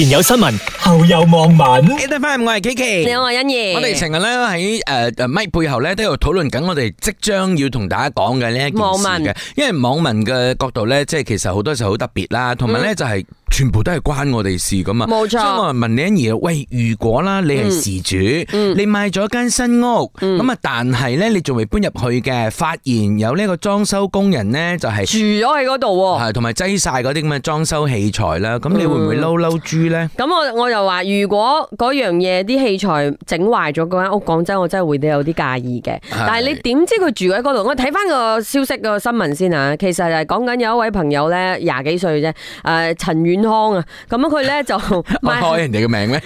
前有新聞，後有網民。記得翻，我係琪琪，你好，我係欣怡。我哋成日咧喺誒誒咪背後咧，都有討論緊我哋即將要同大家講嘅呢一件事嘅，因為網民嘅角度咧，即係其實好多時候好特別啦，同埋咧就係全部都係關我哋事噶嘛。冇錯，所以我問你欣怡，喂，如果啦你係事主，你買咗間新屋，咁啊，但係咧你仲未搬入去嘅，發現有呢個裝修工人咧就係住咗喺嗰度，係同埋擠晒嗰啲咁嘅裝修器材啦，咁你會唔會嬲嬲豬？咁我我又話，如果嗰樣嘢啲器材整壞咗嗰間屋，講真，我真係會有啲介意嘅。但係你點知佢住喺嗰度？我睇翻個消息個新聞先啊，其實係講緊有一位朋友咧，廿幾歲啫。誒，陳遠康啊，咁樣佢咧就開人哋嘅名咧。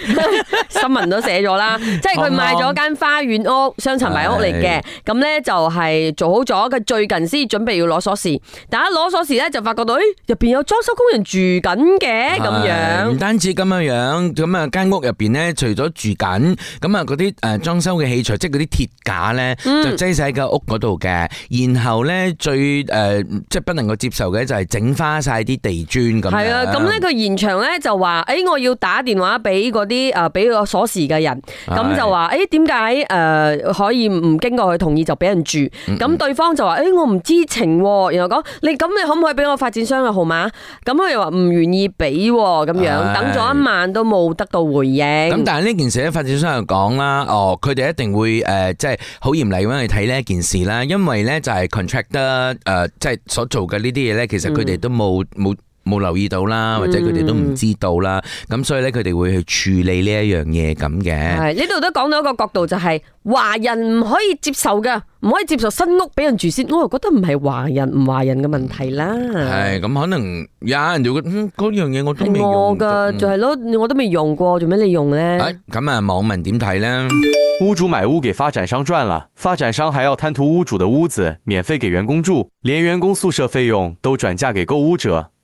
新聞都寫咗啦，即係佢買咗間花園屋，雙層買屋嚟嘅。咁咧就係做好咗，佢最近先準備要攞鎖匙，但係一攞鎖匙咧就發覺到，誒入邊有裝修工人住緊嘅咁樣，唔單止。咁樣樣咁啊，間屋入邊咧，除咗住緊咁啊嗰啲誒裝修嘅器材，即係嗰啲鐵架咧，嗯、就擠晒喺個屋嗰度嘅。然後咧最誒、呃，即係不能夠接受嘅就係整花晒啲地磚咁樣。係啊，咁咧個現場咧就話誒、哎，我要打電話俾嗰啲誒俾個鎖匙嘅人，咁的就話誒，點解誒可以唔經過佢同意就俾人住？咁、嗯嗯、對方就話誒、哎，我唔知情、哦。然後講你咁，你，你可唔可以俾我發展商嘅號碼？咁佢又話唔願意俾咁、哦、樣等。咗對一晚都冇得到回應。咁但係呢件事咧，發展商又講啦，哦，佢哋一定會誒，即係好嚴厲咁樣去睇呢一件事啦，因為咧就係 contractor 即、呃、係、就是、所做嘅呢啲嘢咧，其實佢哋都冇冇。嗯冇留意到啦，或者佢哋都唔知道啦。咁、嗯、所以咧，佢哋會去處理呢一樣嘢咁嘅。係呢度都講到一個角度、就是，就係華人唔可以接受嘅，唔可以接受新屋俾人住先。我又覺得唔係華人唔華人嘅問題啦。係咁、嗯，可能有人就覺得嗯嗰樣嘢，我都未用過。係我噶，就係、是、咯，我都未用過，做咩你用咧？咁、哎、啊，網民點睇咧？屋主買屋給發展商賺啦，發展商還要貪圖屋主嘅屋子免費給員工住，連員工宿舍費用都轉嫁給購屋者。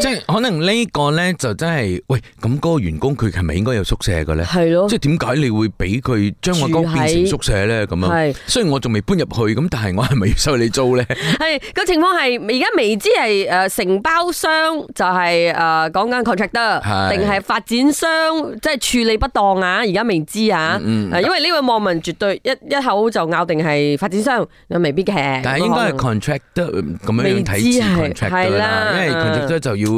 即係可能呢個咧就真係喂咁嗰個員工佢係咪應該有宿舍嘅咧？係咯，即係點解你會俾佢將個屋變成宿舍咧？咁樣，雖然我仲未搬入去，咁但係我係咪要收你租咧？係個情況係而家未知係誒承包商就係誒講緊 contractor，定係發展商即係處理不當啊？而家未知啊，因為呢位網民絕對一一口就咬定係發展商又未必嘅，但係應該係 contractor 咁樣睇字 contractor 啦，因為 contractor 就要。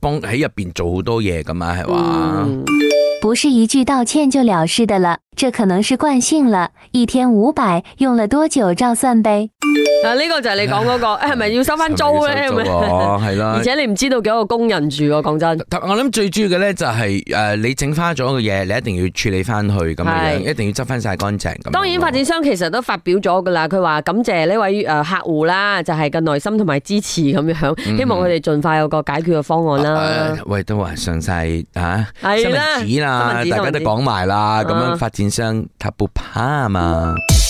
幫喺入邊做好多嘢咁嘛，係嘛？嗯不是一句道歉就了事的了，這可能是慣性了。一天五百，用了多久照算唄。嗱呢、啊這個就係你講嗰、那個，係咪、啊、要收翻租咧？哦，係咯。的而且你唔知道幾多個工人住喎，講真。我諗最主要嘅咧就係誒，你整花咗嘅嘢，你一定要處理翻去咁樣，是一定要執翻晒乾淨。咁當然，啊、發展商其實都發表咗噶啦，佢話感謝呢位誒客戶啦，就係個耐心同埋支持咁樣，希望佢哋盡快有個解決嘅方案啦、嗯嗯啊呃。喂，都話上晒吓係啦。啊的啊！大家都講埋啦，咁樣、嗯、發展商他不怕嘛？嗯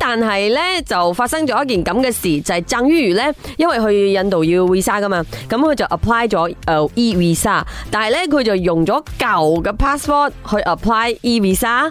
但係咧就發生咗一件咁嘅事，就係鄭于如咧，因為去印度要 visa 噶嘛，咁佢就 apply 咗誒 e visa，但係咧佢就用咗舊嘅 passport 去 apply e visa，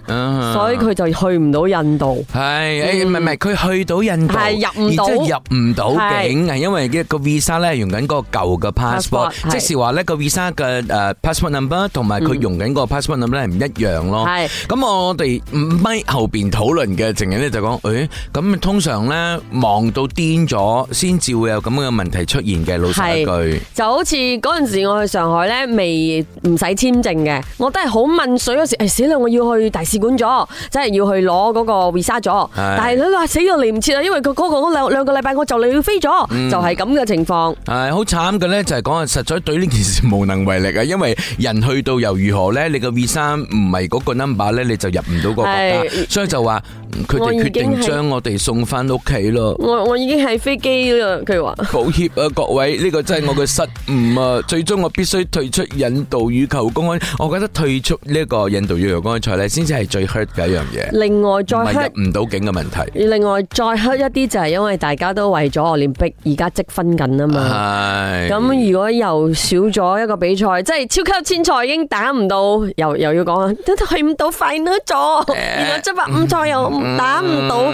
所以佢就去唔到印度。係誒，唔係唔係，佢去到印度係入唔到，而即係入唔到境，係因為嘅個 visa 咧用緊個舊嘅 passport，即係話咧個 visa 嘅誒 passport number 同埋佢用緊個 passport number 咧唔一樣咯。係，咁我哋五米後邊討論嘅情景咧就講誒。咁通常咧忙到癲咗，先至會有咁樣嘅問題出現嘅。老實一句，就好似嗰陣時我去上海咧，未唔使簽證嘅，我都係好問水嗰時。誒，死啦！我要去大使館咗，真係要去攞嗰個 visa 咗。但係佢話死到嚟唔切啊，因為佢嗰個兩兩個禮拜我就嚟要飛咗，就係咁嘅情況。係好慘嘅咧，就係講啊，實在對呢件事無能為力啊，因為人去到又如何咧？你個 visa 唔係嗰個 number 咧，你就入唔到個國家。所以就話佢哋決定，將我哋送翻屋企咯！我我已經喺飛機啦，佢話抱歉啊，各位，呢個真係我嘅失誤啊！最終我必須退出印度羽毛球公開賽，我覺得退出呢一個印度羽毛球公開賽咧，先至係最 hurt 嘅一樣嘢。另外再 hurt 唔到境嘅問題，另外再 hurt 一啲就係因為大家都為咗奧運逼而家積分緊啊嘛。咁如果又少咗一個比賽，即係超級千賽已經打唔到，又又要講都去唔到 final 咗，然後一百五賽又打唔到。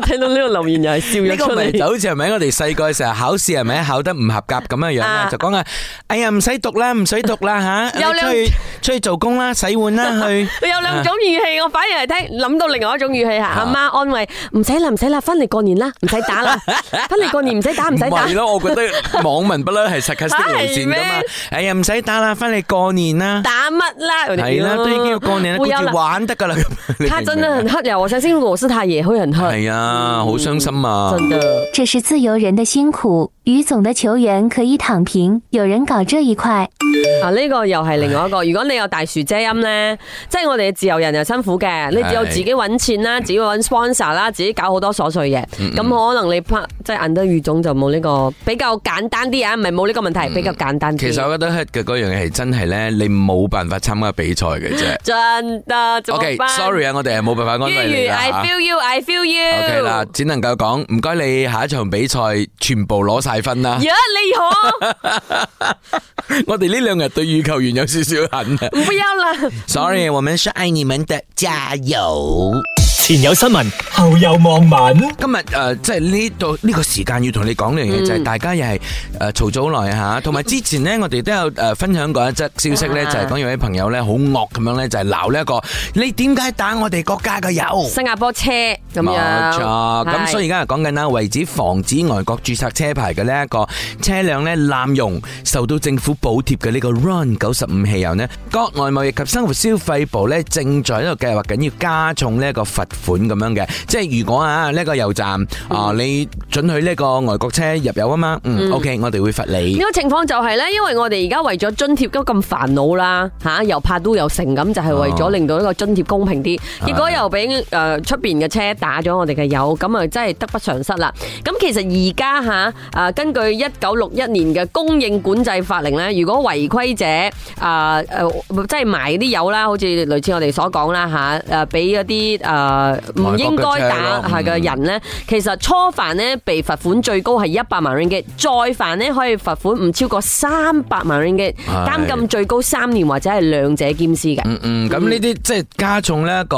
聽到呢個留言又係笑咗出嚟，呢個咪就好似係咪我哋細個嘅時候考試係咪啊考得唔合格咁樣樣啊？就講啊，哎呀唔使讀啦，唔使讀啦吓，出去出去做工啦，洗碗啦去。佢有兩種語氣，我反而係聽諗到另外一種語氣吓，阿媽安慰：唔使啦，唔使啦，翻嚟過年啦，唔使打啦，翻嚟過年唔使打，唔使打。唔係咯，我覺得網民不嬲係實跟黐綫噶嘛。哎呀，唔使打啦，翻嚟過年啦。打乜啦？係啦，都已經要過年啦，繼續玩得噶啦。佢真係很黑呀，我相信我是他也會很黑。係啊。啊，好傷心啊！真噶，這是自由人的辛苦，余總的球員可以躺平，有人搞這一塊。啊，呢個又係另外一個。如果你有大樹遮陰咧，即係我哋嘅自由人又辛苦嘅，你只有自己搵錢啦，自己搵 sponsor 啦，自己搞好多瑣碎嘢。咁可能你拍即係得余總就冇呢個比較簡單啲啊，唔係冇呢個問題，比較簡單啲。其實我覺得嘅嗰樣嘢係真係咧，你冇辦法參加比賽嘅啫。真噶，OK，sorry 啊，我哋係冇辦法安慰你啦。I feel you, I feel you。只能夠講，唔該你下一場比賽全部攞晒分啦！呀，yeah, 你好， 我哋呢兩日對羽球員有少少恨啦！不，不要啦，sorry，、嗯、我們是愛你們的，加油！前有新聞，後有網民。今日誒，即係呢度呢個時間要同你講呢樣嘢，嗯、就係大家又係誒嘈咗好耐吓，同、呃、埋之前呢，我哋都有誒分享過一則消息呢、嗯、就係講有位朋友呢好惡咁樣呢就係鬧呢一個，你點解打我哋國家嘅油？新加坡車，咁樣錯。咁的所以而家係講緊啦，為止防止外國註冊車牌嘅呢一個車輛呢濫用，受到政府補貼嘅呢個 RON 九十五汽油呢國內貿易及生活消費部呢，正在喺度計劃緊要加重呢一個罰款咁樣嘅，即係如果啊呢個油站啊，你准許呢個外國車入油啊嘛，嗯，OK，我哋會罰你。呢個情況就係咧，因為我哋而家為咗津貼都咁煩惱啦，吓，又怕都有成咁，就係為咗令到呢個津貼公平啲，結果又俾誒出邊嘅車打咗我哋嘅油，咁啊真係得不償失啦。咁其實而家吓啊，根據一九六一年嘅供應管制法令咧，如果違規者啊誒，即係賣啲油啦，好似類似我哋所講啦吓，誒俾嗰啲誒。誒，唔應該打下嘅人咧，其實初犯咧，被罰款最高係一百萬 ringgit，再犯咧可以罰款唔超過三百萬 ringgit，監禁最高三年或者係兩者兼施嘅。嗯嗯，咁呢啲即係加重咧個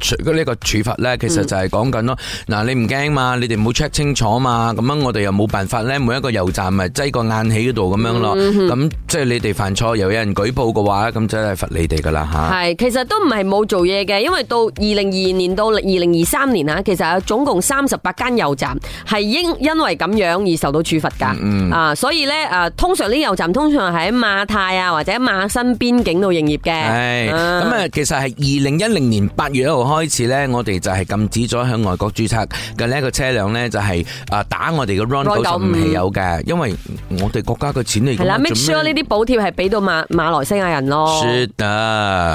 誒呢個處罰咧，其實就係講緊咯。嗱，你唔驚嘛？你哋冇 check 清楚嘛？咁樣我哋又冇辦法咧，每一個油站咪擠個眼喺嗰度咁樣咯。咁即係你哋犯錯又有人舉報嘅話，咁就係罰你哋噶啦吓。係，其實都唔係冇做嘢嘅，因爲到二零二二年。到二零二三年啊，其實有總共三十八間油站係因因為咁樣而受到處罰噶，啊，所以咧，誒，通常啲油站通常係喺馬泰啊或者馬新邊境度營業嘅。係咁啊，其實係二零一零年八月一號開始咧，我哋就係禁止咗向外國註冊嘅呢一個車輛咧，就係誒打我哋嘅 RON 九十五係有嘅，因為我哋國家嘅錢嚟講，係啦，make sure 呢啲補貼係俾到馬馬來西亞人咯。說啊。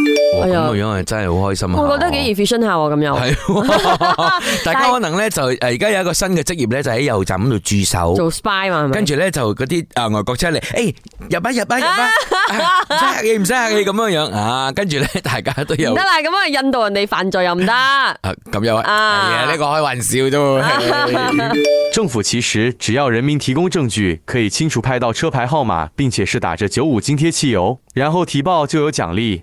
咁樣係真係好開心啊！我覺得幾 fashion 下喎，咁樣係，大家可能咧就誒，而家有一個新嘅職業咧，就喺油站度駐守做 spy 嘛，跟住咧就嗰啲誒外國車嚟，誒入啊入啊入啊，唔使客氣唔使客氣咁樣樣啊。跟住咧大家都有得啦。咁啊，印度人哋犯罪又唔得咁又係啊，呢個開玩笑啫。政府其實只要人民提供證據，可以清楚拍到車牌號碼，並且是打着九五津貼汽油，然後提報就有獎勵。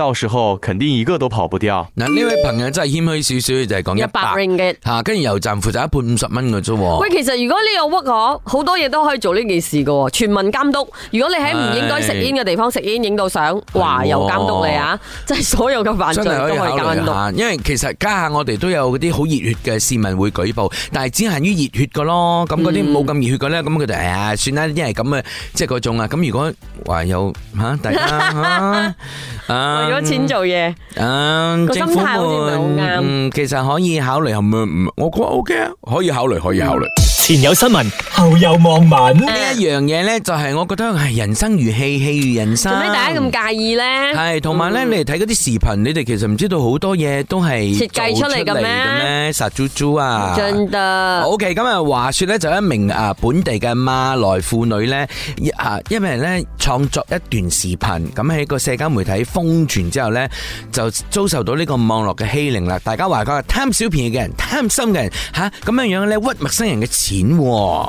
到時候肯定一個都跑不掉。那呢位朋友真係謙虛少少，就係講一百 ringgit 吓，跟住油站負責一半五十蚊嘅啫。喂，其實如果呢個 work，好多嘢都可以做呢件事嘅。全民監督，如果你喺唔應該食煙嘅地方食煙，影到相，哇又監督你啊！即係所有嘅犯罪都可以監督。因為其實家下我哋都有嗰啲好熱血嘅市民會舉報，但係只限於熱血嘅咯。咁嗰啲冇咁熱血嘅咧，咁佢哋哎呀算啦，因為咁啊，即係嗰種啊。咁如果話有吓，大家吓啊。攞錢做嘢，個心態好似唔係好啱。其實可以考慮，唔唔，我覺得 O K 啊，可以考慮，可以考慮。前有新聞，後有網民。呢一樣嘢咧，就係我覺得係人生如戲，戲如人生。做咩大家咁介意咧？係同埋咧，你哋睇嗰啲視頻，你哋其實唔知道好多嘢都係設計出嚟嘅咩？殺豬豬啊！真得。O K，咁啊，話說咧，就一名啊本地嘅馬來婦女咧，啊，因為咧創作一段視頻，咁喺個社交媒體瘋傳。然之後咧，就遭受到呢個網絡嘅欺凌啦！大家話佢係，貪小便宜嘅人，貪心嘅人，吓咁樣樣咧屈陌生人嘅錢。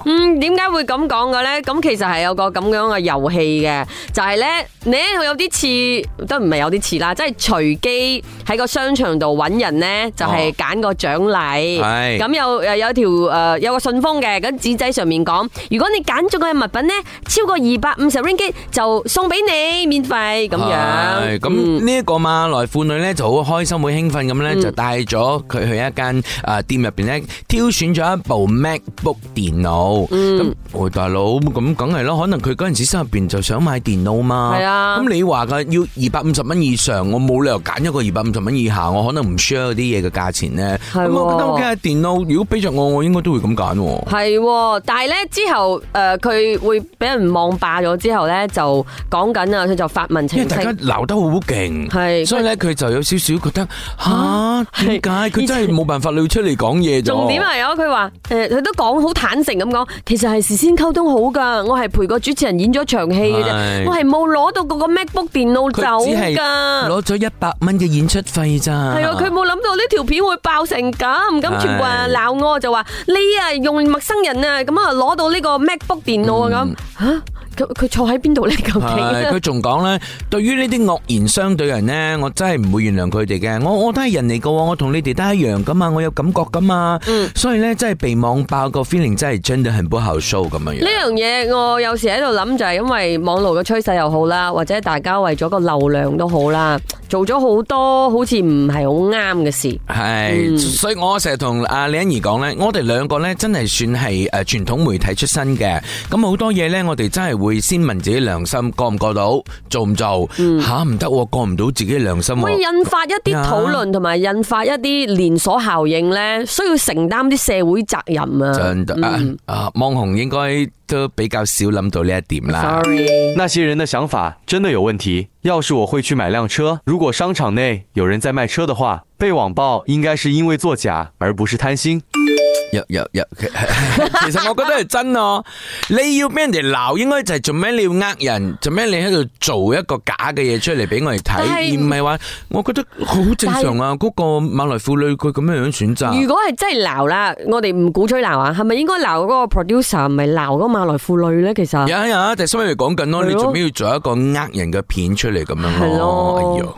嗯，點解會咁講嘅咧？咁其實係有個咁樣嘅遊戲嘅，就係咧，你有啲似，都唔係有啲似啦，即係隨機喺個商場度揾人咧，就係揀個獎勵。係咁有又有條誒有個信封嘅，咁紙仔上面講，如果你揀中嘅物品咧超過二百五十 ringgit，就送俾你免費咁樣。係咁。呢一個馬來婦女咧就好開心、好興奮咁咧，就帶咗佢去一間誒店入邊咧，挑選咗一部 MacBook 電腦。咁、嗯，我大佬咁梗係咯，可能佢嗰陣時心入邊就想買電腦嘛。係是啊。咁你話佢要二百五十蚊以上，我冇理由揀一個二百五十蚊以下，我可能唔 share 啲嘢嘅價錢咧。咁是、啊、我覺得我睇電腦，如果俾着我，我應該都會咁揀。係、啊。但係咧之後誒，佢、呃、會俾人網霸咗之後咧，就講緊啊，佢就發問清清。大家鬧得好勁。係，所以咧佢就有少少覺得吓，點解佢真係冇辦法要出嚟講嘢？重點係咯，佢話誒，佢都講好坦誠咁講，其實係事先溝通好噶，我係陪個主持人演咗場戲嘅啫，我係冇攞到嗰個 MacBook 電腦走噶，攞咗一百蚊嘅演出費咋？係啊，佢冇諗到呢條片會爆成咁，咁全部人鬧我，就話你啊用陌生人啊咁啊攞到呢個 MacBook 電腦啊咁吓。佢佢坐喺邊度咧？究竟？佢仲講咧，對於呢啲惡言相對人咧，我真係唔會原諒佢哋嘅。我我都係人嚟噶，我同你哋都係一樣噶嘛，我有感覺噶嘛。嗯，所以咧真係被網爆個 feeling 真係真係很不好受咁樣。呢樣嘢，我有時喺度諗，就係因為網絡嘅趨勢又好啦，或者大家為咗個流量都好啦，做咗好多好似唔係好啱嘅事。係，所以我成日同阿李欣怡講咧，我哋兩個咧真係算係誒傳統媒體出身嘅，咁好多嘢咧我哋真係。會先問自己良心過唔過到，做唔做吓唔得，過唔到自己良心。會引發一啲討論，同埋、啊、引發一啲連鎖效應咧，需要承擔啲社會責任啊。真嘅啊、嗯、啊！網紅應該都比較少諗到呢一點啦。Sorry. 那些人的想法真的有問題。要是我會去買輛車，如果商場內有人在賣車的話，被網暴應該是因為作假，而不是貪心。有有有，其實我覺得係真咯。你要俾人哋鬧，應該就係做咩？你要呃人，做咩？你喺度做一個假嘅嘢出嚟俾我哋睇，而唔係話，我覺得好正常啊。嗰個馬來婦女佢咁樣樣選擇。如果係真係鬧啦，我哋唔鼓吹鬧啊，係咪應該鬧嗰個 producer？唔係鬧個馬來婦女咧？其實有有，但係先嚟講緊咯。你做咩要做一個呃人嘅片出嚟咁樣咯？係咯。